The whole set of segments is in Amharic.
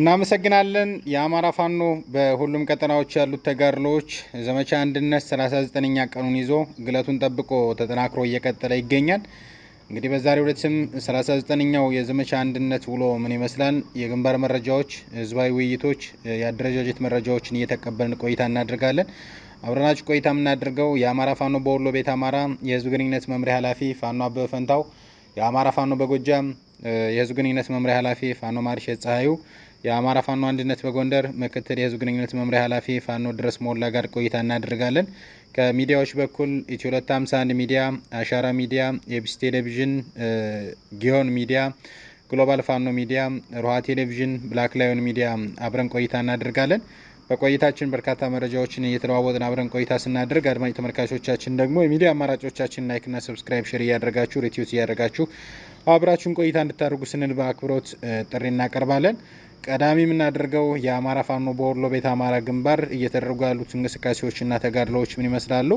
እናመሰግናለን። የአማራ ፋኖ በሁሉም ቀጠናዎች ያሉት ተጋድሎዎች ዘመቻ አንድነት 39ኛ ቀኑን ይዞ ግለቱን ጠብቆ ተጠናክሮ እየቀጠለ ይገኛል። እንግዲህ በዛሬው ዕለትም 39ኛው የዘመቻ አንድነት ውሎ ምን ይመስላል? የግንባር መረጃዎች፣ ህዝባዊ ውይይቶች፣ የአደረጃጀት መረጃዎችን እየተቀበልን ቆይታ እናደርጋለን። አብረናችሁ ቆይታ የምናደርገው የአማራ ፋኖ በወሎ ቤት አማራ የህዝብ ግንኙነት መምሪያ ኃላፊ ፋኖ አበበ ፈንታው፣ የአማራ ፋኖ በጎጃም የህዝብ ግንኙነት መምሪያ ኃላፊ ፋኖ ማርሸት ጸሐዩ፣ የአማራ ፋኖ አንድነት በጎንደር ምክትል የህዝብ ግንኙነት መምሪያ ኃላፊ ፋኖ ድረስ ሞላ ጋር ቆይታ እናደርጋለን። ከሚዲያዎች በኩል ኢትዮ 251 ሚዲያ፣ አሻራ ሚዲያ፣ ኤቢሲ ቴሌቪዥን፣ ጊዮን ሚዲያ ግሎባል ፋኖ ሚዲያ፣ ሮሃ ቴሌቪዥን፣ ብላክ ላዮን ሚዲያ አብረን ቆይታ እናደርጋለን። በቆይታችን በርካታ መረጃዎችን እየተለዋወጥን አብረን ቆይታ ስናደርግ አድማጭ ተመልካቾቻችን ደግሞ የሚዲያ አማራጮቻችን ላይክና ሰብስክራይብ ሼር እያደረጋችሁ ሬቲዩት እያደረጋችሁ አብራችሁን ቆይታ እንድታደርጉ ስንል በአክብሮት ጥሪ እናቀርባለን። ቀዳሚ የምናደርገው የአማራ ፋኖ በወሎ ቤት አማራ ግንባር እየተደረጉ ያሉት እንቅስቃሴዎችና ተጋድሎዎች ምን ይመስላሉ?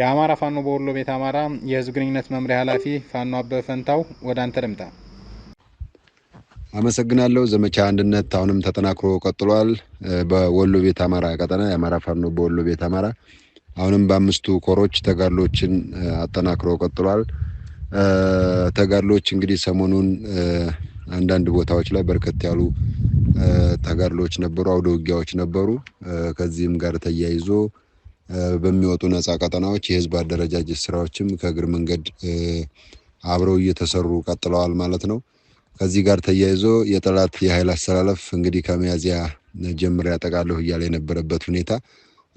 የአማራ ፋኖ በወሎ ቤት አማራ የህዝብ ግንኙነት መምሪያ ኃላፊ ፋኖ አበበ ፈንታው ወደ አንተ ልምጣ። አመሰግናለሁ። ዘመቻ አንድነት አሁንም ተጠናክሮ ቀጥሏል። በወሎ ቤት አማራ ቀጠና የአማራ ፋኖ በወሎ ቤት አማራ አሁንም በአምስቱ ኮሮች ተጋድሎችን አጠናክሮ ቀጥሏል። ተጋድሎች እንግዲህ ሰሞኑን አንዳንድ ቦታዎች ላይ በርከት ያሉ ተጋድሎች ነበሩ፣ አውደ ውጊያዎች ነበሩ። ከዚህም ጋር ተያይዞ በሚወጡ ነፃ ቀጠናዎች የህዝብ አደረጃጀት ስራዎችም ከእግር መንገድ አብረው እየተሰሩ ቀጥለዋል ማለት ነው። ከዚህ ጋር ተያይዞ የጠላት የኃይል አሰላለፍ እንግዲህ ከሚያዝያ ጀምር ያጠቃለሁ እያለ የነበረበት ሁኔታ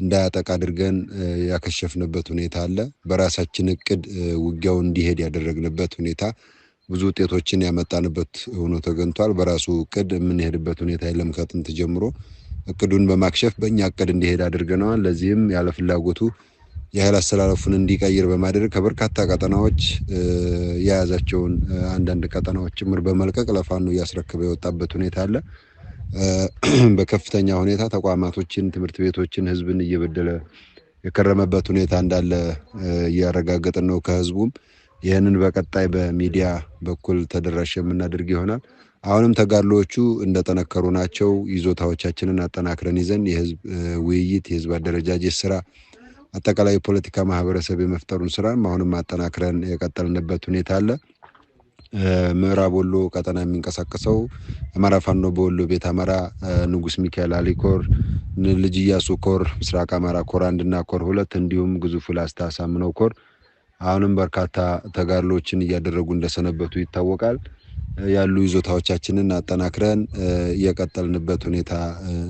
እንዳያጠቅ አድርገን ያከሸፍንበት ሁኔታ አለ። በራሳችን እቅድ ውጊያው እንዲሄድ ያደረግንበት ሁኔታ ብዙ ውጤቶችን ያመጣንበት ሆኖ ተገኝቷል። በራሱ እቅድ የምንሄድበት ሁኔታ የለም። ከጥንት ጀምሮ እቅዱን በማክሸፍ በእኛ እቅድ እንዲሄድ አድርገነዋል። ለዚህም ያለ ፍላጎቱ የኃይል አሰላለፉን እንዲቀይር በማድረግ ከበርካታ ቀጠናዎች የያዛቸውን አንዳንድ ቀጠናዎች ጭምር በመልቀቅ ለፋኖ እያስረክበ የወጣበት ሁኔታ አለ። በከፍተኛ ሁኔታ ተቋማቶችን፣ ትምህርት ቤቶችን፣ ህዝብን እየበደለ የከረመበት ሁኔታ እንዳለ እያረጋገጥን ነው። ከህዝቡም ይህንን በቀጣይ በሚዲያ በኩል ተደራሽ የምናደርግ ይሆናል። አሁንም ተጋድሎዎቹ እንደጠነከሩ ናቸው። ይዞታዎቻችንን አጠናክረን ይዘን የህዝብ ውይይት፣ የህዝብ አደረጃጀት ስራ፣ አጠቃላይ የፖለቲካ ማህበረሰብ የመፍጠሩን ስራም አሁንም አጠናክረን የቀጠልንበት ሁኔታ አለ። ምዕራብ ወሎ ቀጠና የሚንቀሳቀሰው አማራ ፋኖ በወሎ ቤት አማራ ንጉስ ሚካኤል አሊ ኮር፣ ልጅ እያሱ ኮር፣ ምስራቅ አማራ ኮር አንድና ኮር ሁለት እንዲሁም ግዙፍ ላስታ ሳምነው ኮር አሁንም በርካታ ተጋድሎችን እያደረጉ እንደሰነበቱ ይታወቃል። ያሉ ይዞታዎቻችንን አጠናክረን የቀጠልንበት ሁኔታ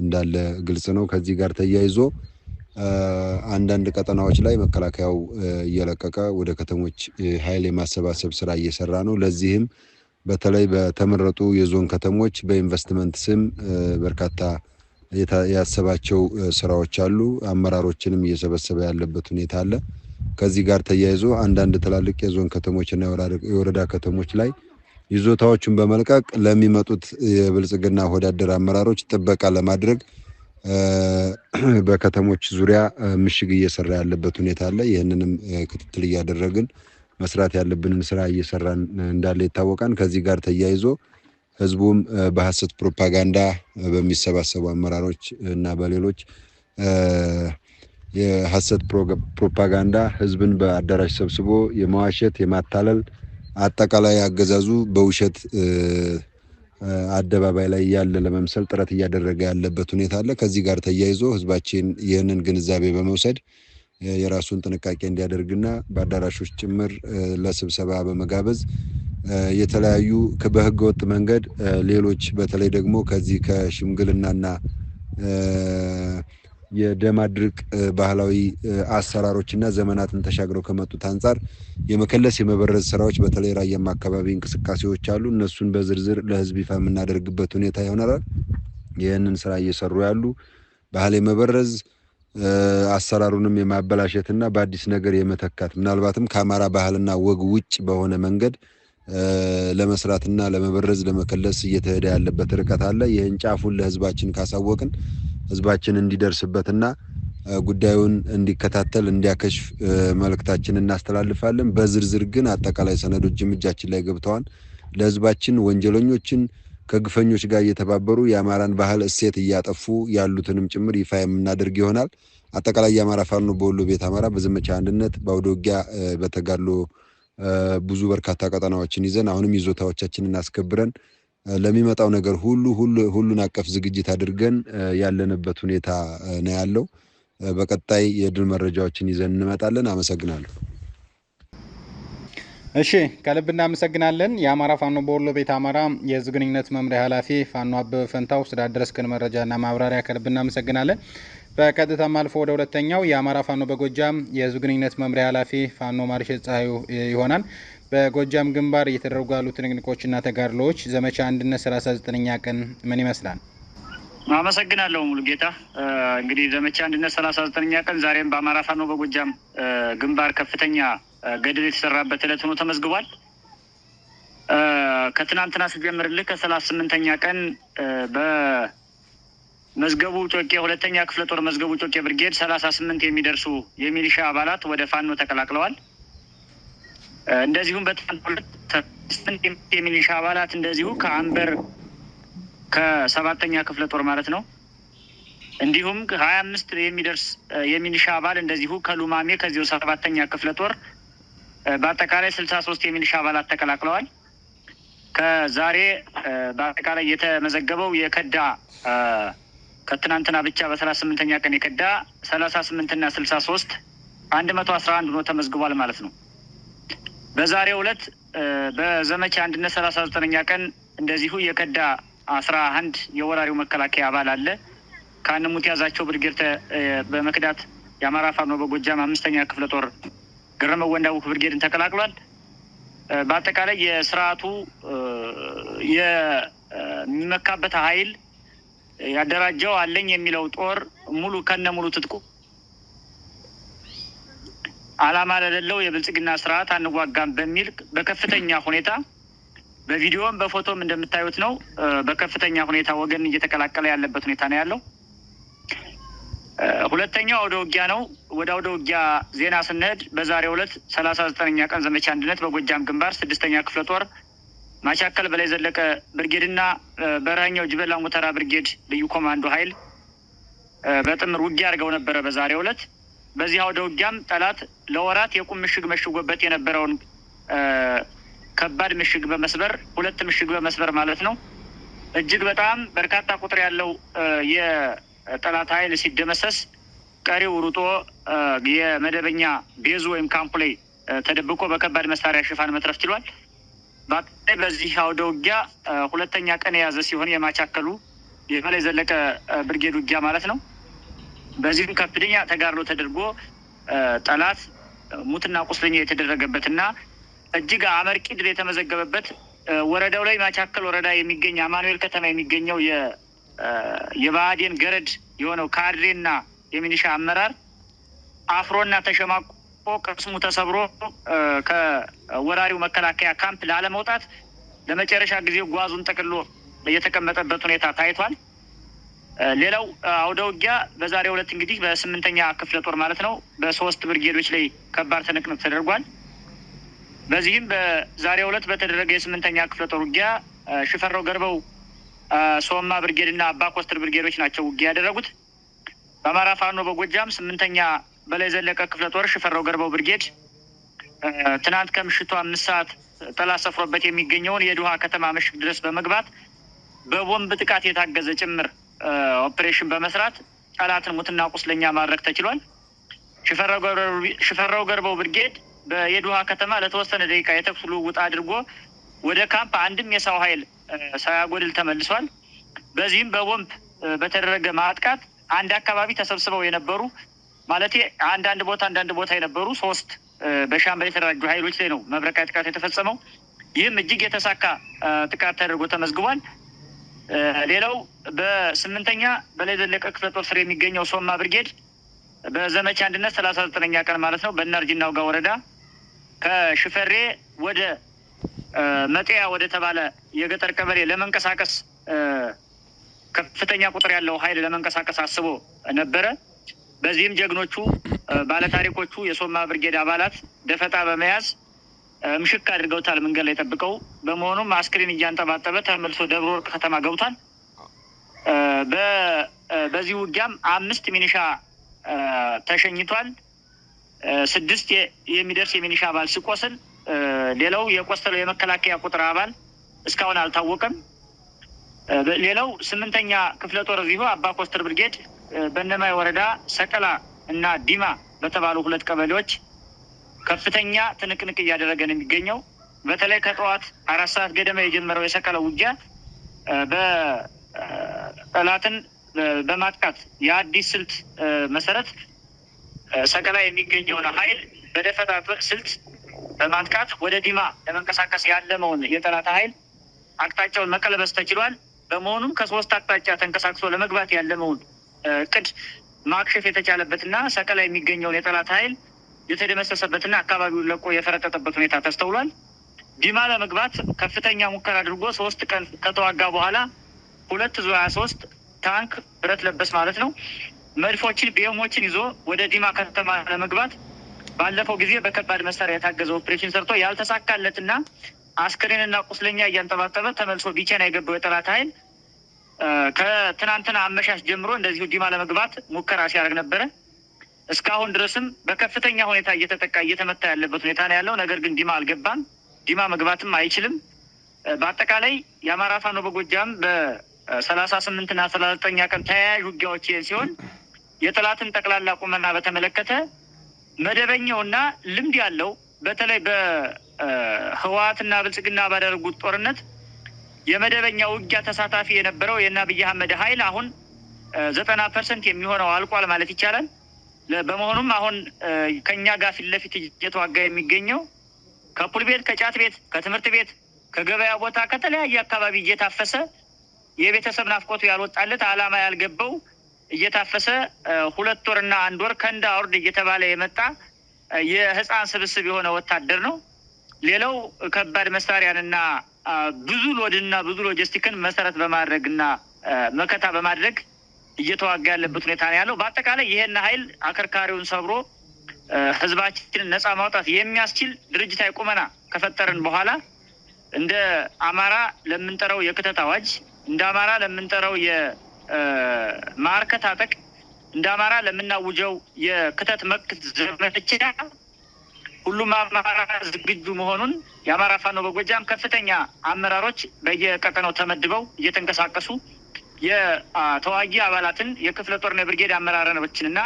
እንዳለ ግልጽ ነው። ከዚህ ጋር ተያይዞ አንዳንድ ቀጠናዎች ላይ መከላከያው እየለቀቀ ወደ ከተሞች ኃይል የማሰባሰብ ስራ እየሰራ ነው። ለዚህም በተለይ በተመረጡ የዞን ከተሞች በኢንቨስትመንት ስም በርካታ ያሰባቸው ስራዎች አሉ። አመራሮችንም እየሰበሰበ ያለበት ሁኔታ አለ። ከዚህ ጋር ተያይዞ አንዳንድ ትላልቅ የዞን ከተሞችና የወረዳ ከተሞች ላይ ይዞታዎቹን በመልቀቅ ለሚመጡት የብልጽግና ወዳደር አመራሮች ጥበቃ ለማድረግ በከተሞች ዙሪያ ምሽግ እየሰራ ያለበት ሁኔታ አለ። ይህንንም ክትትል እያደረግን መስራት ያለብንን ስራ እየሰራን እንዳለ ይታወቃል። ከዚህ ጋር ተያይዞ ህዝቡም በሀሰት ፕሮፓጋንዳ በሚሰባሰቡ አመራሮች እና በሌሎች የሀሰት ፕሮፓጋንዳ ህዝብን በአዳራሽ ሰብስቦ የመዋሸት የማታለል አጠቃላይ አገዛዙ በውሸት አደባባይ ላይ ያለ ለመምሰል ጥረት እያደረገ ያለበት ሁኔታ አለ። ከዚህ ጋር ተያይዞ ህዝባችን ይህንን ግንዛቤ በመውሰድ የራሱን ጥንቃቄ እንዲያደርግና በአዳራሾች ጭምር ለስብሰባ በመጋበዝ የተለያዩ በህገወጥ መንገድ ሌሎች በተለይ ደግሞ ከዚህ ከሽምግልናና የደማድርቅ ባህላዊ ባህላዊ አሰራሮችና ዘመናትን ተሻግረው ከመጡት አንጻር የመከለስ የመበረዝ ስራዎች በተለይ ራያማ አካባቢ እንቅስቃሴዎች አሉ። እነሱን በዝርዝር ለህዝብ ይፋ የምናደርግበት ሁኔታ ይሆናል። ይህንን ስራ እየሰሩ ያሉ ባህል የመበረዝ አሰራሩንም የማበላሸትና በአዲስ ነገር የመተካት ምናልባትም ከአማራ ባህልና ወግ ውጭ በሆነ መንገድ ለመስራትና ለመበረዝ ለመከለስ እየተሄደ ያለበት ርቀት አለ። ይህን ጫፉን ለህዝባችን ካሳወቅን ህዝባችን እንዲደርስበትና ጉዳዩን እንዲከታተል እንዲያከሽፍ መልእክታችን እናስተላልፋለን። በዝርዝር ግን አጠቃላይ ሰነዶችም እጃችን ላይ ገብተዋል። ለህዝባችን ወንጀለኞችን ከግፈኞች ጋር እየተባበሩ የአማራን ባህል እሴት እያጠፉ ያሉትንም ጭምር ይፋ የምናደርግ ይሆናል። አጠቃላይ የአማራ ፋኖ በወሎ ቤት አማራ በዘመቻ አንድነት በአውደ ውጊያ በተጋድሎ ብዙ በርካታ ቀጠናዎችን ይዘን አሁንም ይዞታዎቻችንን አስከብረን ለሚመጣው ነገር ሁሉ ሁሉን አቀፍ ዝግጅት አድርገን ያለንበት ሁኔታ ነው ያለው። በቀጣይ የድል መረጃዎችን ይዘን እንመጣለን። አመሰግናለሁ። እሺ፣ ከልብ እናመሰግናለን። የአማራ ፋኖ በወሎ ቤት አማራ የህዝብ ግንኙነት መምሪያ ኃላፊ ፋኖ አበበ ፈንታው ስዳደረስክን መረጃና ማብራሪያ ከልብ እናመሰግናለን። በቀጥታም አልፎ ወደ ሁለተኛው የአማራ ፋኖ በጎጃም የህዝብ ግንኙነት መምሪያ ኃላፊ ፋኖ ማርሸት ፀሐዩ ይሆናል። በጎጃም ግንባር እየተደረጉ ያሉ ትንቅንቆችና ተጋድሎዎች ዘመቻ አንድነት ሰላሳ ዘጠነኛ ቀን ምን ይመስላል? አመሰግናለሁ ሙሉ ጌታ እንግዲህ ዘመቻ አንድነት ሰላሳ ዘጠነኛ ቀን ዛሬም በአማራ ፋኖ በጎጃም ግንባር ከፍተኛ ገድል የተሰራበት እለት ሆኖ ተመዝግቧል። ከትናንትና ስጀምርልህ ከሰላሳ ስምንተኛ ቀን በ መዝገቡ ጮቄ ሁለተኛ ክፍለ ጦር መዝገቡ ጮቄ ብርጌድ ሰላሳ ስምንት የሚደርሱ የሚሊሻ አባላት ወደ ፋኖ ተቀላቅለዋል። እንደዚሁም በትናንት ሁለት የሚሊሻ አባላት እንደዚሁ ከአንበር ከሰባተኛ ክፍለ ጦር ማለት ነው እንዲሁም ሀያ አምስት የሚደርስ የሚሊሻ አባል እንደዚሁ ከሉማሜ ከዚሁ ሰባተኛ ክፍለ ጦር በአጠቃላይ ስልሳ ሶስት የሚሊሻ አባላት ተቀላቅለዋል። ከዛሬ በአጠቃላይ የተመዘገበው የከዳ ከትናንትና ብቻ በሰላሳ ስምንተኛ ቀን የከዳ ሰላሳ ስምንትና ስልሳ ሶስት አንድ መቶ አስራ አንድ ሆኖ ተመዝግቧል ማለት ነው። በዛሬው ዕለት በዘመቻ አንድነት ሰላሳ ዘጠነኛ ቀን እንደዚሁ የከዳ አስራ አንድ የወራሪው መከላከያ አባል አለ። ከአንሙት ያዛቸው ብርጌድ በመክዳት የአማራ ፋኖ በጎጃም አምስተኛ ክፍለ ጦር ግረመው ወንዳውክ ብርጌድን ተቀላቅሏል። በአጠቃላይ የስርዓቱ የሚመካበት ኃይል ያደራጀው አለኝ የሚለው ጦር ሙሉ ከነ ሙሉ ትጥቁ አላማ ለሌለው የብልጽግና ስርዓት አንዋጋም በሚል በከፍተኛ ሁኔታ በቪዲዮም በፎቶም እንደምታዩት ነው። በከፍተኛ ሁኔታ ወገን እየተቀላቀለ ያለበት ሁኔታ ነው ያለው። ሁለተኛው አውደ ውጊያ ነው። ወደ አውደ ውጊያ ዜና ስንሄድ በዛሬው ዕለት ሰላሳ ዘጠነኛ ቀን ዘመቻ አንድነት በጎጃም ግንባር ስድስተኛ ክፍለ ጦር ማሻከል በላይ ዘለቀ ብርጌድና በረሃኛው ጅበላ ሙተራ ብርጌድ ልዩ ኮማንዶ ኃይል በጥምር ውጊያ አድርገው ነበረ በዛሬው ዕለት። በዚህ አውደ ውጊያም ጠላት ለወራት የቁም ምሽግ መሽጎበት የነበረውን ከባድ ምሽግ በመስበር ሁለት ምሽግ በመስበር ማለት ነው እጅግ በጣም በርካታ ቁጥር ያለው የጠላት ኃይል ሲደመሰስ ቀሪው ሩጦ የመደበኛ ቤዙ ወይም ካምፕ ላይ ተደብቆ በከባድ መሳሪያ ሽፋን መትረፍ ችሏል። በአጠቃላይ በዚህ አውደ ውጊያ ሁለተኛ ቀን የያዘ ሲሆን የማቻከሉ የበላይ ዘለቀ ብርጌድ ውጊያ ማለት ነው። በዚህም ከፍተኛ ተጋድሎ ተደርጎ ጠላት ሙትና ቁስለኛ የተደረገበት እና እጅግ አመርቂ ድል የተመዘገበበት ወረዳው ላይ ማቻከል ወረዳ የሚገኝ አማኑኤል ከተማ የሚገኘው የባህዴን ገረድ የሆነው ካድሬና የሚኒሻ አመራር አፍሮና ተሸማቆ ቅስሙ ተሰብሮ ከወራሪው መከላከያ ካምፕ ላለመውጣት ለመጨረሻ ጊዜ ጓዙን ጠቅሎ የተቀመጠበት ሁኔታ ታይቷል። ሌላው አውደ ውጊያ በዛሬ ሁለት እንግዲህ በስምንተኛ ክፍለ ጦር ማለት ነው በሶስት ብርጌዶች ላይ ከባድ ትንቅንቅ ተደርጓል። በዚህም በዛሬ ሁለት በተደረገ የስምንተኛ ክፍለ ጦር ውጊያ ሽፈራው ገርበው ሶማ ብርጌድ እና አባ ኮስትር ብርጌዶች ናቸው ውጊያ ያደረጉት። በአማራ ፋኖ በጎጃም ስምንተኛ በላይ ዘለቀ ክፍለ ጦር ሽፈራው ገርበው ብርጌድ ትናንት ከምሽቱ አምስት ሰዓት ጠላት ሰፍሮበት የሚገኘውን የድሃ ከተማ ምሽግ ድረስ በመግባት በቦምብ ጥቃት የታገዘ ጭምር ኦፕሬሽን በመስራት ጠላትን ሙትና ቁስለኛ ማድረግ ተችሏል። ሽፈራው ገርበው ብርጌድ በየድሃ ከተማ ለተወሰነ ደቂቃ የተኩስ ልውውጥ አድርጎ ወደ ካምፕ አንድም የሰው ኃይል ሳያጎድል ተመልሷል። በዚህም በቦምብ በተደረገ ማጥቃት አንድ አካባቢ ተሰብስበው የነበሩ ማለት አንዳንድ ቦታ አንዳንድ ቦታ የነበሩ ሶስት በሻምበል የተደራጁ ኃይሎች ላይ ነው መብረቃዊ ጥቃት የተፈጸመው። ይህም እጅግ የተሳካ ጥቃት ተደርጎ ተመዝግቧል። ሌላው በስምንተኛ በላይ ዘለቀ ክፍለ ጦር ስር የሚገኘው ሶማ ብርጌድ በዘመቻ አንድነት ሰላሳ ዘጠነኛ ቀን ማለት ነው በእናርጅናው ጋር ወረዳ ከሽፈሬ ወደ መጤያ ወደ ተባለ የገጠር ቀበሌ ለመንቀሳቀስ ከፍተኛ ቁጥር ያለው ኃይል ለመንቀሳቀስ አስቦ ነበረ። በዚህም ጀግኖቹ ባለታሪኮቹ የሶማ ብርጌድ አባላት ደፈጣ በመያዝ ምሽክ አድርገውታል። መንገድ ላይ ጠብቀው። በመሆኑም አስክሬን እያንጠባጠበ ተመልሶ ደብረ ወርቅ ከተማ ገብቷል። በዚህ ውጊያም አምስት ሚኒሻ ተሸኝቷል። ስድስት የሚደርስ የሚኒሻ አባል ሲቆስል፣ ሌላው የቆሰለው የመከላከያ ቁጥር አባል እስካሁን አልታወቀም። ሌላው ስምንተኛ ክፍለ ጦር እዚሁ አባ ኮስተር ብርጌድ በነማይ ወረዳ ሰቀላ እና ዲማ በተባሉ ሁለት ቀበሌዎች ከፍተኛ ትንቅንቅ እያደረገ ነው የሚገኘው። በተለይ ከጠዋት አራት ሰዓት ገደማ የጀመረው የሰቀላ ውጊያ በጠላትን በማጥቃት የአዲስ ስልት መሰረት ሰቀላ የሚገኘውን ኃይል በደፈጣ ስልት በማጥቃት ወደ ዲማ ለመንቀሳቀስ ያለመውን የጠላት ኃይል አቅጣጫውን መቀለበስ ተችሏል። በመሆኑም ከሶስት አቅጣጫ ተንቀሳቅሶ ለመግባት ያለመውን እቅድ ማክሸፍ የተቻለበትና ሰቀላ የሚገኘውን የጠላት ኃይል የተደመሰሰበትና አካባቢውን ለቆ የፈረጠጠበት ሁኔታ ተስተውሏል። ዲማ ለመግባት ከፍተኛ ሙከራ አድርጎ ሶስት ቀን ከተዋጋ በኋላ ሁለት ዙ ሀያ ሶስት ታንክ ብረት ለበስ ማለት ነው መድፎችን ቢኤሞችን ይዞ ወደ ዲማ ከተማ ለመግባት ባለፈው ጊዜ በከባድ መሳሪያ የታገዘ ኦፕሬሽን ሰርቶ ያልተሳካለትና አስክሬንና ቁስለኛ እያንጠባጠበ ተመልሶ ቢቸና የገባው የጠላት ኃይል ከትናንትና አመሻሽ ጀምሮ እንደዚሁ ዲማ ለመግባት ሙከራ ሲያደርግ ነበረ። እስካሁን ድረስም በከፍተኛ ሁኔታ እየተጠቃ እየተመታ ያለበት ሁኔታ ነው ያለው። ነገር ግን ዲማ አልገባም፣ ዲማ መግባትም አይችልም። በአጠቃላይ የአማራ ፋኖ በጎጃም በሰላሳ ስምንት እና ሰላሳ ዘጠኛ ቀን ተያያዥ ውጊያዎች ሲሆን የጠላትን ጠቅላላ ቁመና በተመለከተ መደበኛውና ልምድ ያለው በተለይ በህወሓትና ብልጽግና ባደረጉት ጦርነት የመደበኛ ውጊያ ተሳታፊ የነበረው የእነ አብይ አህመድ ኃይል አሁን ዘጠና ፐርሰንት የሚሆነው አልቋል ማለት ይቻላል። በመሆኑም አሁን ከእኛ ጋር ፊት ለፊት እየተዋጋ የሚገኘው ከፑል ቤት፣ ከጫት ቤት፣ ከትምህርት ቤት፣ ከገበያ ቦታ፣ ከተለያየ አካባቢ እየታፈሰ የቤተሰብ ናፍቆቱ ያልወጣለት አላማ ያልገባው እየታፈሰ ሁለት ወርና አንድ ወር ከእንደ አውርድ እየተባለ የመጣ የህፃን ስብስብ የሆነ ወታደር ነው። ሌላው ከባድ መሳሪያንና ብዙ ሎድና ብዙ ሎጂስቲክን መሰረት በማድረግና መከታ በማድረግ እየተዋጋ ያለበት ሁኔታ ነው ያለው። በአጠቃላይ ይህን ኃይል አከርካሪውን ሰብሮ ህዝባችንን ነፃ ማውጣት የሚያስችል ድርጅታዊ ቁመና ከፈጠርን በኋላ እንደ አማራ ለምንጠራው የክተት አዋጅ፣ እንደ አማራ ለምንጠራው የማርከት አጠቅ፣ እንደ አማራ ለምናውጀው የክተት መክት ዘመቻ ሁሉም አማራ ዝግጁ መሆኑን የአማራ ፋኖ በጎጃም ከፍተኛ አመራሮች በየቀጠናው ተመድበው እየተንቀሳቀሱ የተዋጊ አባላትን የክፍለ ጦርና የብርጌድ አመራሮችንና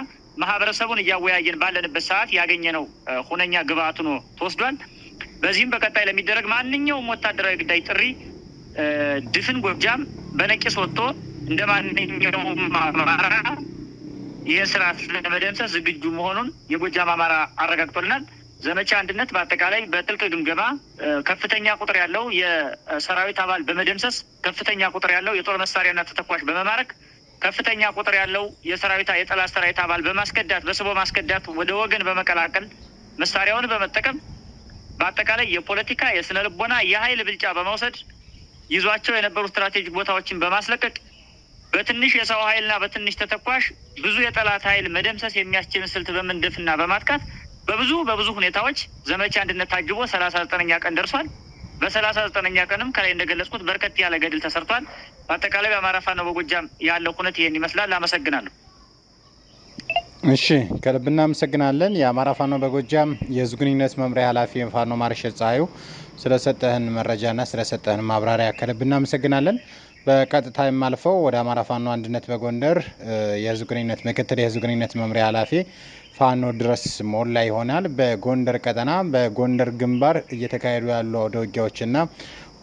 ማህበረሰቡን እያወያየን ባለንበት ሰዓት ያገኘነው ሁነኛ ግብአት ሆኖ ተወስዷል። በዚህም በቀጣይ ለሚደረግ ማንኛውም ወታደራዊ ግዳይ ጥሪ ድፍን ጎጃም በነቂስ ወጥቶ እንደ ማንኛውም አማራ ይህን ስርዓት ለመደምሰስ ዝግጁ መሆኑን የጎጃም አማራ አረጋግጦልናል። ዘመቻ አንድነት በአጠቃላይ በጥልቅ ግምገማ ከፍተኛ ቁጥር ያለው የሰራዊት አባል በመደምሰስ ከፍተኛ ቁጥር ያለው የጦር መሳሪያና ተተኳሽ በመማረክ ከፍተኛ ቁጥር ያለው የሰራዊት የጠላት ሰራዊት አባል በማስከዳት በስቦ ማስከዳት ወደ ወገን በመቀላቀል መሳሪያውን በመጠቀም በአጠቃላይ የፖለቲካ የስነ ልቦና የኃይል ብልጫ በመውሰድ ይዟቸው የነበሩ ስትራቴጂክ ቦታዎችን በማስለቀቅ በትንሽ የሰው ኃይልና በትንሽ ተተኳሽ ብዙ የጠላት ኃይል መደምሰስ የሚያስችልን ስልት በመንደፍና በማጥቃት በብዙ በብዙ ሁኔታዎች ዘመቻ አንድነት ታጅቦ ሰላሳ ዘጠነኛ ቀን ደርሷል። በሰላሳ ዘጠነኛ ቀንም ከላይ እንደገለጽኩት በርከት ያለ ገድል ተሰርቷል። በአጠቃላይ በአማራ ፋኖ በጎጃም ያለው ሁነት ይህን ይመስላል። አመሰግናለሁ። እሺ ከልብ እናመሰግናለን። የአማራ ፋኖ በጎጃም የህዝብ ግንኙነት መምሪያ ኃላፊ ፋኖ ማርሻል ፀሐዩ ስለሰጠህን መረጃና ስለሰጠህን ማብራሪያ ከልብ እናመሰግናለን። በቀጥታ የማልፈው ወደ አማራ ፋኖ አንድነት በጎንደር የህዝብ ግንኙነት ምክትል የህዝብ ግንኙነት መምሪያ ኃላፊ ፋኖ ድረስ ሞላ ይሆናል። በጎንደር ቀጠና በጎንደር ግንባር እየተካሄዱ ያሉ አውደ እና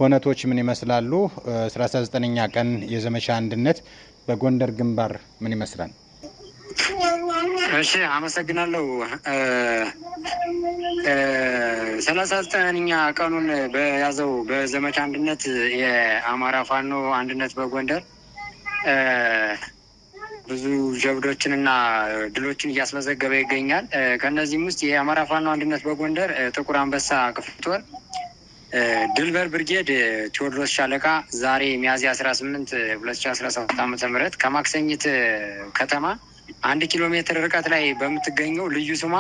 ሁነቶች ምን ይመስላሉ? 19 ኛ ቀን የዘመቻ አንድነት በጎንደር ግንባር ምን ይመስላል? እሺ አመሰግናለሁ። ሰላሳ ዘጠነኛ ቀኑን በያዘው በዘመቻ አንድነት የአማራ ፋኖ አንድነት በጎንደር ብዙ ጀብዶችንና ድሎችን እያስመዘገበ ይገኛል። ከእነዚህም ውስጥ የአማራ ፋኖ አንድነት በጎንደር ጥቁር አንበሳ ክፍለ ጦር ድልበር ብርጌድ ቴዎድሮስ ሻለቃ ዛሬ ሚያዝያ 18 ስምንት ዓ ሺ ከማክሰኝት ከተማ አንድ ኪሎ ሜትር ርቀት ላይ በምትገኘው ልዩ ስሟ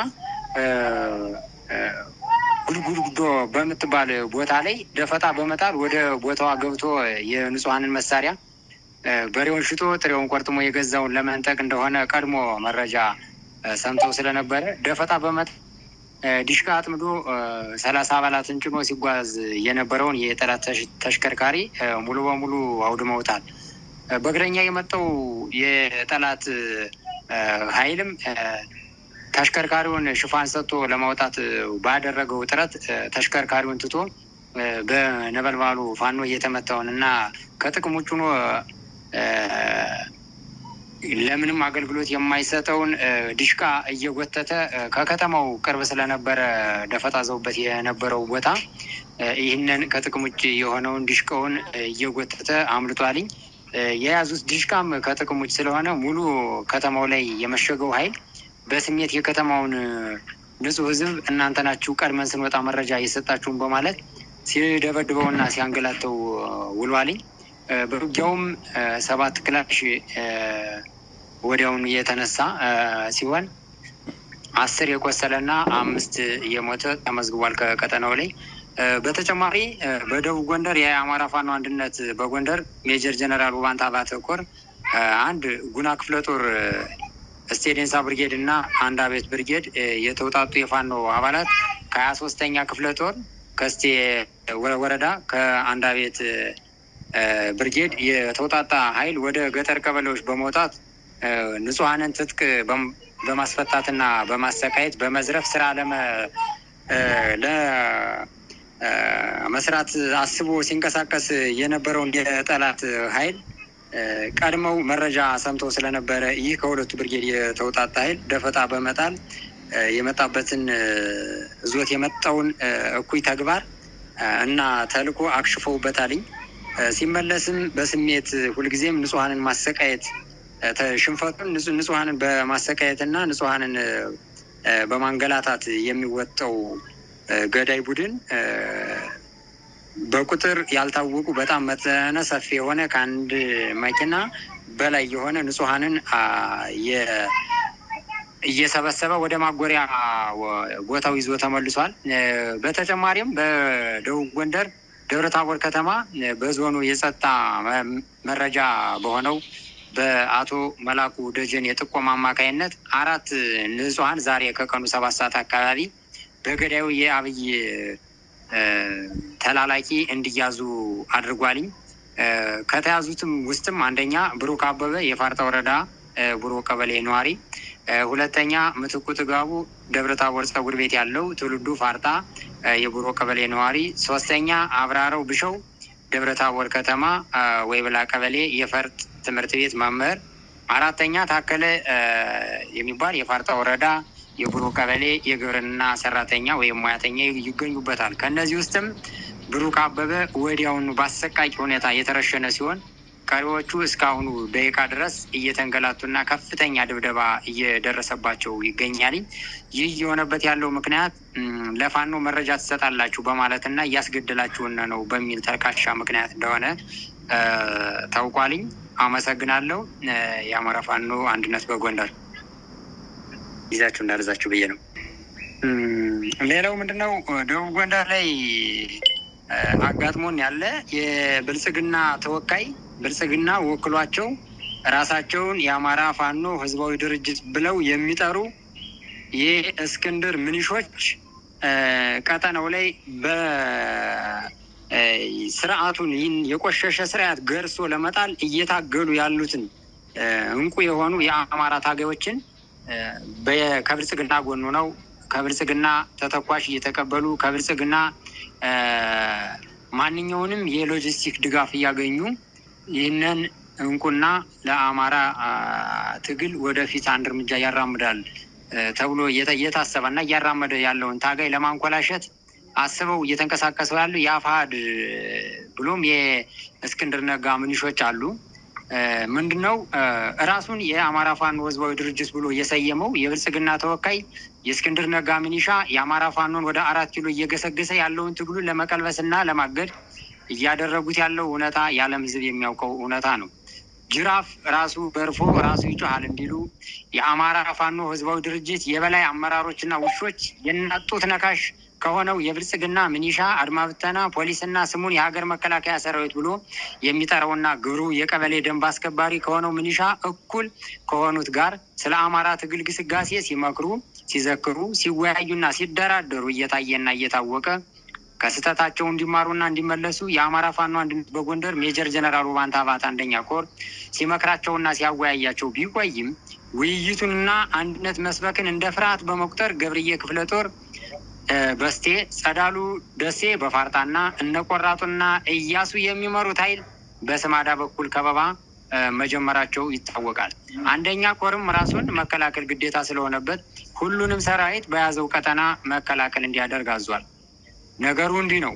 ጉድጉድጉዶ በምትባል ቦታ ላይ ደፈጣ በመጣል ወደ ቦታዋ ገብቶ የንጹሐንን መሳሪያ በሬውን ሽጦ ጥሬውን ቆርጥሞ የገዛውን ለመንጠቅ እንደሆነ ቀድሞ መረጃ ሰምተው ስለነበረ ደፈጣ በመጥ ዲሽቃ አጥምዶ ሰላሳ አባላትን ጭኖ ሲጓዝ የነበረውን የጠላት ተሽከርካሪ ሙሉ በሙሉ አውድመውታል። በእግረኛ የመጣው የጠላት ኃይልም ተሽከርካሪውን ሽፋን ሰጥቶ ለማውጣት ባደረገው ጥረት ተሽከርካሪውን ትቶ በነበልባሉ ፋኖ እየተመታውን እና ከጥቅም ውጭ ሆኖ ለምንም አገልግሎት የማይሰጠውን ዲሽቃ እየጎተተ ከከተማው ቅርብ ስለነበረ ደፈጣ ዘውበት የነበረው ቦታ ይህንን ከጥቅም ውጭ የሆነውን ዲሽቃውን እየጎተተ አምልቷልኝ። የያዙት ዲሽቃም ከጥቅም ውጭ ስለሆነ ሙሉ ከተማው ላይ የመሸገው ኃይል በስሜት የከተማውን ንጹህ ህዝብ እናንተ ናችሁ ቀድመን ስንወጣ መረጃ እየሰጣችሁን በማለት ሲደበድበውና ሲያንገላተው ውሏልኝ። በውጊያውም ሰባት ክላሽ ወዲያውኑ የተነሳ ሲሆን አስር የቆሰለና አምስት የሞተ ተመዝግቧል ከቀጠናው ላይ። በተጨማሪ በደቡብ ጎንደር የአማራ ፋኖ አንድነት በጎንደር ሜጀር ጀነራል ውባንታ አባተ ኮር አንድ ጉና ክፍለ ጦር ስቴዴንሳ ብርጌድ እና አንድ አቤት ብርጌድ የተውጣጡ የፋኖ አባላት ከሀያ ሶስተኛ ክፍለ ጦር ከስቴ ወረዳ ከአንድ አቤት ብርጌድ የተውጣጣ ኃይል ወደ ገጠር ቀበሌዎች በመውጣት ንጹሐንን ትጥቅ በማስፈታትና በማሰቃየት በመዝረፍ ስራ ለመስራት አስቦ ሲንቀሳቀስ የነበረውን የጠላት ኃይል ቀድመው መረጃ ሰምቶ ስለነበረ ይህ ከሁለቱ ብርጌድ የተውጣጣ ኃይል ደፈጣ በመጣል የመጣበትን እዞት የመጣውን እኩይ ተግባር እና ተልኮ አክሽፈውበታልኝ። ሲመለስም በስሜት ሁልጊዜም ንጹሐንን ማሰቃየት ሽንፈቱን ንጹሐንን እና ንጹሐንን በማንገላታት የሚወጣው ገዳይ ቡድን በቁጥር ያልታወቁ በጣም መጠነ ሰፊ የሆነ ከአንድ መኪና በላይ የሆነ ንጹሐንን እየሰበሰበ ወደ ማጎሪያ ቦታው ይዞ ተመልሷል። በተጨማሪም በደቡብ ጎንደር ደብረታቦር ከተማ በዞኑ የጸጥታ መረጃ በሆነው በአቶ መላኩ ደጀን የጥቆማ አማካይነት አራት ንጹሀን ዛሬ ከቀኑ ሰባት ሰዓት አካባቢ በገዳዩ የአብይ ተላላኪ እንዲያዙ አድርጓልኝ። ከተያዙትም ውስጥም አንደኛ ብሩክ አበበ የፋርታ ወረዳ ቡሮ ቀበሌ ነዋሪ፣ ሁለተኛ ምትኩ ትጋቡ ደብረታቦር ጸጉር ቤት ያለው ትውልዱ ፋርታ የጉሮ ቀበሌ ነዋሪ፣ ሶስተኛ አብራረው ብሸው ደብረታቦር ከተማ ወይብላ ቀበሌ የፈርጥ ትምህርት ቤት መምህር፣ አራተኛ ታከለ የሚባል የፋርጣ ወረዳ የጉሮ ቀበሌ የግብርና ሰራተኛ ወይም ሙያተኛ ይገኙበታል። ከእነዚህ ውስጥም ብሩክ አበበ ወዲያውኑ በአሰቃቂ ሁኔታ የተረሸነ ሲሆን ቀሪዎቹ እስካሁኑ ደቂቃ ድረስ እየተንገላቱና ከፍተኛ ድብደባ እየደረሰባቸው ይገኛል። ይህ የሆነበት ያለው ምክንያት ለፋኖ መረጃ ትሰጣላችሁ በማለትና እያስገደላችሁን ነው በሚል ተልካሻ ምክንያት እንደሆነ ታውቋልኝ። አመሰግናለሁ። የአማራ ፋኖ አንድነት በጎንደር ይዛችሁ እንዳልዛችሁ ብዬ ነው። ሌላው ምንድነው ደቡብ ጎንደር ላይ አጋጥሞን ያለ የብልጽግና ተወካይ ብልጽግና ወክሏቸው ራሳቸውን የአማራ ፋኖ ህዝባዊ ድርጅት ብለው የሚጠሩ የእስክንድር ምንሾች ቀጠናው ላይ በስርዓቱን ይህን የቆሸሸ ስርዓት ገርሶ ለመጣል እየታገሉ ያሉትን እንቁ የሆኑ የአማራ ታጋዮችን ከብልጽግና ጎኑ ነው ከብልጽግና ተተኳሽ እየተቀበሉ ከብልጽግና ማንኛውንም የሎጂስቲክ ድጋፍ እያገኙ ይህንን እንቁና ለአማራ ትግል ወደፊት አንድ እርምጃ ያራምዳል ተብሎ እየታሰበ እና እያራመደ ያለውን ታጋይ ለማንኮላሸት አስበው እየተንቀሳቀሰው ያሉ የአፋሕድ ብሎም የእስክንድር ነጋ ምንሾች አሉ። ምንድን ነው እራሱን የአማራ ፋኖ ህዝባዊ ድርጅት ብሎ የሰየመው የብልጽግና ተወካይ የእስክንድር ነጋ ሚኒሻ የአማራ ፋኖን ወደ አራት ኪሎ እየገሰገሰ ያለውን ትግሉን ለመቀልበስና ለማገድ እያደረጉት ያለው እውነታ የዓለም ሕዝብ የሚያውቀው እውነታ ነው። ጅራፍ ራሱ በርፎ ራሱ ይጮሃል እንዲሉ የአማራ ፋኖ ህዝባዊ ድርጅት የበላይ አመራሮችና ውሾች የናጡት ነካሽ ከሆነው የብልጽግና ምኒሻ አድማ ብተና ፖሊስና ስሙን የሀገር መከላከያ ሰራዊት ብሎ የሚጠራውና ግብሩ የቀበሌ ደንብ አስከባሪ ከሆነው ምኒሻ እኩል ከሆኑት ጋር ስለ አማራ ትግል ግስጋሴ ሲመክሩ፣ ሲዘክሩ፣ ሲወያዩና ሲደራደሩ እየታየና እየታወቀ ከስህተታቸው እንዲማሩና እንዲመለሱ የአማራ ፋኖ አንድነት በጎንደር ሜጀር ጀነራል ባንታ ባት አንደኛ ኮር ሲመክራቸውና ሲያወያያቸው ቢቆይም ውይይቱንና አንድነት መስበክን እንደ ፍርሃት በመቁጠር ገብርዬ ክፍለ ጦር በስቴ፣ ጸዳሉ ደሴ በፋርጣና እነ እያሱ የሚመሩት ኃይል በስማዳ በኩል ከበባ መጀመራቸው ይታወቃል። አንደኛ ኮርም ራሱን መከላከል ግዴታ ስለሆነበት ሁሉንም ሰራዊት በያዘው ቀጠና መከላከል እንዲያደርግ አዟል። ነገሩ እንዲህ ነው።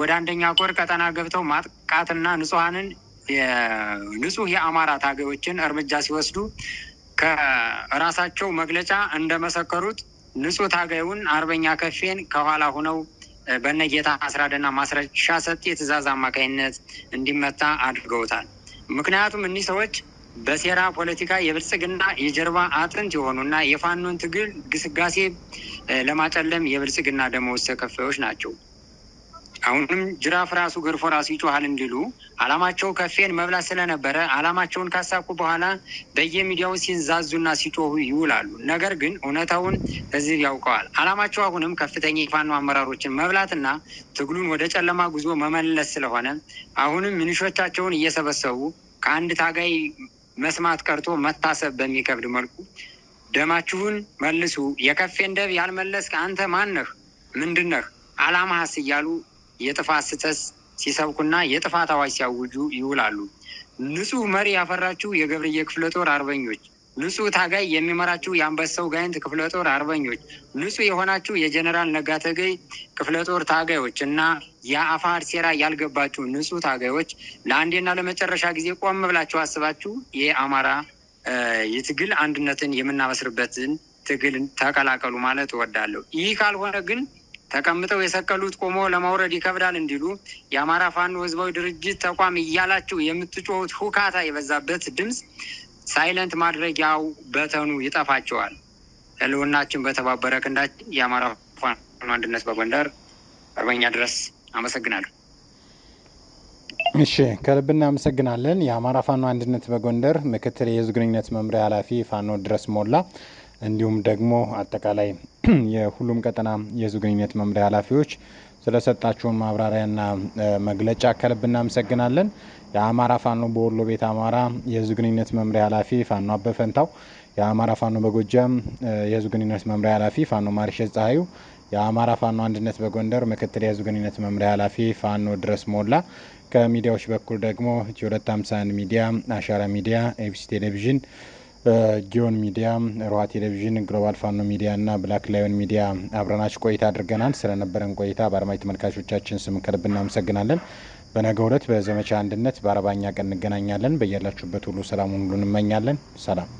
ወደ አንደኛ ኮር ቀጠና ገብተው ማጥቃትና ንጹሐንን ንጹህ የአማራ ታጋዮችን እርምጃ ሲወስዱ ከራሳቸው መግለጫ እንደመሰከሩት ንጹህ ታጋዩን አርበኛ ከፌን ከኋላ ሁነው በነጌታ አስራደና ማስረሻ ሰጥ የትእዛዝ አማካኝነት እንዲመታ አድርገውታል። ምክንያቱም እኒህ ሰዎች በሴራ ፖለቲካ የብልጽግና የጀርባ አጥንት የሆኑና የፋኖን ትግል ግስጋሴ ለማጨለም የብልጽግና ደመወዝ ተከፋዮች ናቸው። አሁንም ጅራፍ ራሱ ገርፎ ራሱ ይጮሃል እንዲሉ አላማቸው ከፌን መብላት ስለነበረ አላማቸውን ካሳኩ በኋላ በየሚዲያው ሲንዛዙና ሲጮሁ ይውላሉ። ነገር ግን እውነታውን ህዝብ ያውቀዋል። አላማቸው አሁንም ከፍተኛ የፋኖ አመራሮችን መብላትና ትግሉን ወደ ጨለማ ጉዞ መመለስ ስለሆነ አሁንም ምንሾቻቸውን እየሰበሰቡ ከአንድ ታጋይ መስማት ቀርቶ መታሰብ በሚከብድ መልኩ ደማችሁን መልሱ፣ የከፌን ደብ ያልመለስክ አንተ ማነህ? ምንድነህ? አላማህስ? እያሉ የጥፋት ስህተት ሲሰብኩና የጥፋት አዋጅ ሲያውጁ ይውላሉ። ንጹህ መሪ ያፈራችሁ የገብርዬ ክፍለ ጦር አርበኞች ንጹህ ታጋይ የሚመራችሁ የአንበሳው ጋይንት ክፍለ ጦር አርበኞች፣ ንጹህ የሆናችሁ የጀኔራል ነጋተገይ ክፍለ ጦር ታጋዮች እና የአፋር ሴራ ያልገባችሁ ንጹህ ታጋዮች ለአንዴና ለመጨረሻ ጊዜ ቆም ብላችሁ አስባችሁ የአማራ የትግል አንድነትን የምናበስርበትን ትግል ተቀላቀሉ ማለት እወዳለሁ። ይህ ካልሆነ ግን ተቀምጠው የሰቀሉት ቆሞ ለማውረድ ይከብዳል እንዲሉ የአማራ ፋኖ ህዝባዊ ድርጅት ተቋም እያላችሁ የምትጮሁት ሁካታ የበዛበት ድምፅ ሳይለንት ማድረጊያው በተኑ ይጠፋቸዋል። ህልውናችን በተባበረ ክንዳች። የአማራ ፋኖ አንድነት በጎንደር አርበኛ ድረስ አመሰግናለሁ። እሺ ከልብ እናመሰግናለን። የአማራ ፋኖ አንድነት በጎንደር ምክትል የህዝብ ግንኙነት መምሪያ ኃላፊ ፋኖ ድረስ ሞላ እንዲሁም ደግሞ አጠቃላይ የሁሉም ቀጠና የህዝብ ግንኙነት መምሪያ ኃላፊዎች ስለሰጣችሁን ማብራሪያና መግለጫ ከልብ እናመሰግናለን። የአማራ ፋኖ በወሎ ቤት አማራ የህዝብ ግንኙነት መምሪያ ኃላፊ ፋኖ አበፈንታው፣ የአማራ ፋኖ በጎጃም የህዝብ ግንኙነት መምሪያ ኃላፊ ፋኖ ማሪሸት ጸሐዩ፣ የአማራ ፋኖ አንድነት በጎንደር ምክትል የህዝብ ግንኙነት መምሪያ ኃላፊ ፋኖ ድረስ ሞላ፣ ከሚዲያዎች በኩል ደግሞ ኢትዮ 251 ሚዲያ፣ አሻራ ሚዲያ፣ ኤቢሲ ቴሌቪዥን ጊዮን ሚዲያ፣ ሮሃ ቴሌቪዥን፣ ግሎባል ፋኖ ሚዲያ እና ብላክ ላዮን ሚዲያ አብረናች ቆይታ አድርገናል። ስለነበረን ቆይታ በአድማጭ ተመልካቾቻችን ስም ከልብ እናመሰግናለን። በነገው ዕለት በዘመቻ አንድነት በአርባኛ ቀን እንገናኛለን። በያላችሁበት ሁሉ ሰላም ሁሉ እንመኛለን። ሰላም